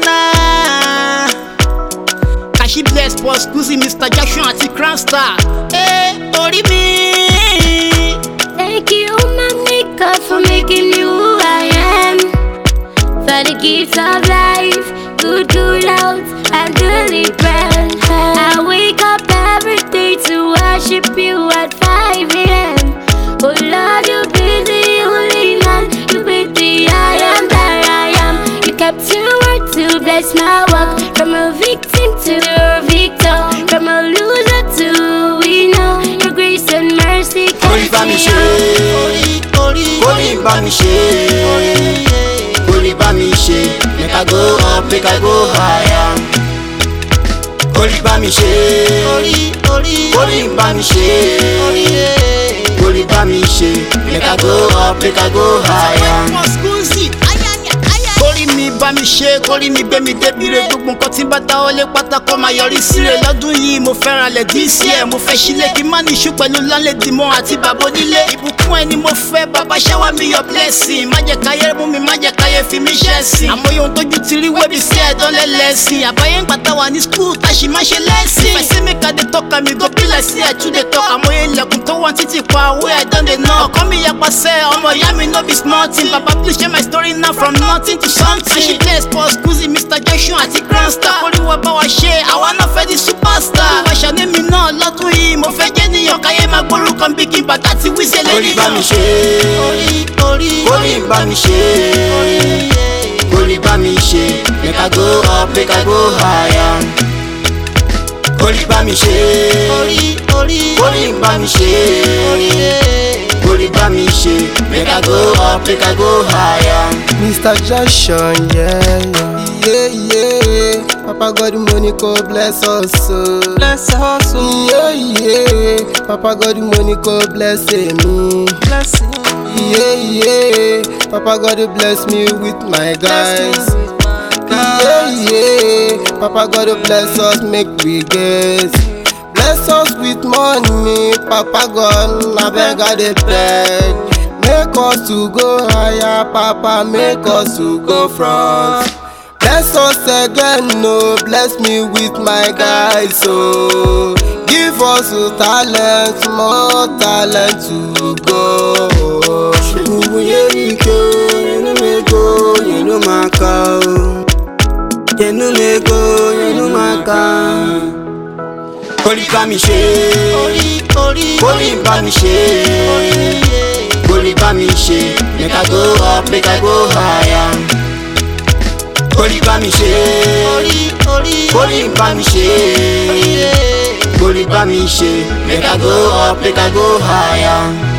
na. Kashi bless boss Kuzi Mr. Jackson àti Crown Star. Ẹ eh, orí mi. Thank you my maker for making me who I am. For the gift of life, good good health and daily prayer. bless my walk From a victim to a victor From a loser to a winner Your grace and mercy carry me holy, holy, holy mi ṣe Kori bá mi Make I go up, make I go higher Holy bá holy, holy, holy bá holy, ṣe Kori bá Make I go up, make I go higher bá mi ṣe kórí mi gbé mi débi re gbogbo nǹkan tí ń bá dáwọ́ lé pátákó máa yọrí síre lọ́dún yìí mo fẹ́ràn lẹ̀ díìsì ẹ̀ mo fẹ́ sílé kí n má níṣú pẹ̀lú lánlẹ́dì mọ́ àti bàbá onílé ìbùkún ẹni mo fẹ́ bàbá ṣáwá mi yọ blessing má jẹ́ káyẹ́rẹ́ mú mi má ayé fi mí ṣẹ̀sìn àmọ́ yóò tójú ti rí wẹ́bí sí ẹ̀dán lẹ́lẹ́sìn àbáyé ń pàtà wà ní skul tá ṣì máa ṣe lẹ́sìn fẹ̀sí mi ká dé tọ́ka mi go pílẹ̀ sí ẹ̀ tún dé tọ́ka àmọ́ yẹn ilẹ̀kùn tó wọ́n títí pa owó ẹ̀dán dè náà ọkọ mi yapa sẹ́ ọmọ ìyá mi no be small thing baba please share my story now from nothing to something àṣì play sports kuzi mr jackson àti grandstar olúwa bá wa ṣe àwa náà fẹ́ di superstar olúwa ṣàní mi náà lọ́tún yìí mo fẹ́ jẹ́ níyàn káyé máa gbórúkọ bí kí bàtà ti wíṣẹ́ lẹ́yìn náà. orí bá mi ṣe kórì bá mi ṣe kórì bá mi ṣe make i go up make i go higher kórì bá mi ṣe kórì bá mi ṣe kórì bá mi ṣe make i go up make i go higher. Mr. Joshua, yeah, yeah. Yeah, yeah. Papa God Monaco bless us. Uh. Bless us. Uh. Yeah, yeah. Papa God Monaco bless me. Bless me. Yeah, yeah. Papa God bless me with my guys. With my guys. Yeah, yeah. Papa God bless us, make we get. Bless us with money, Papa God, I beg God beg. Make us to go higher, Papa, make us to go front. Bless us again, oh, bless me with my guys, oh. Give us talent, more talent to go. Yenu me go, yenu maka Kori bá mi ṣe, kori bá mi ṣe, kori bá mi ṣe Make I go up, make I go high Kórí bá mi ṣe. Kórí bá mi ṣe. Kórí bá mi ṣe. Make I go up, make I go higher.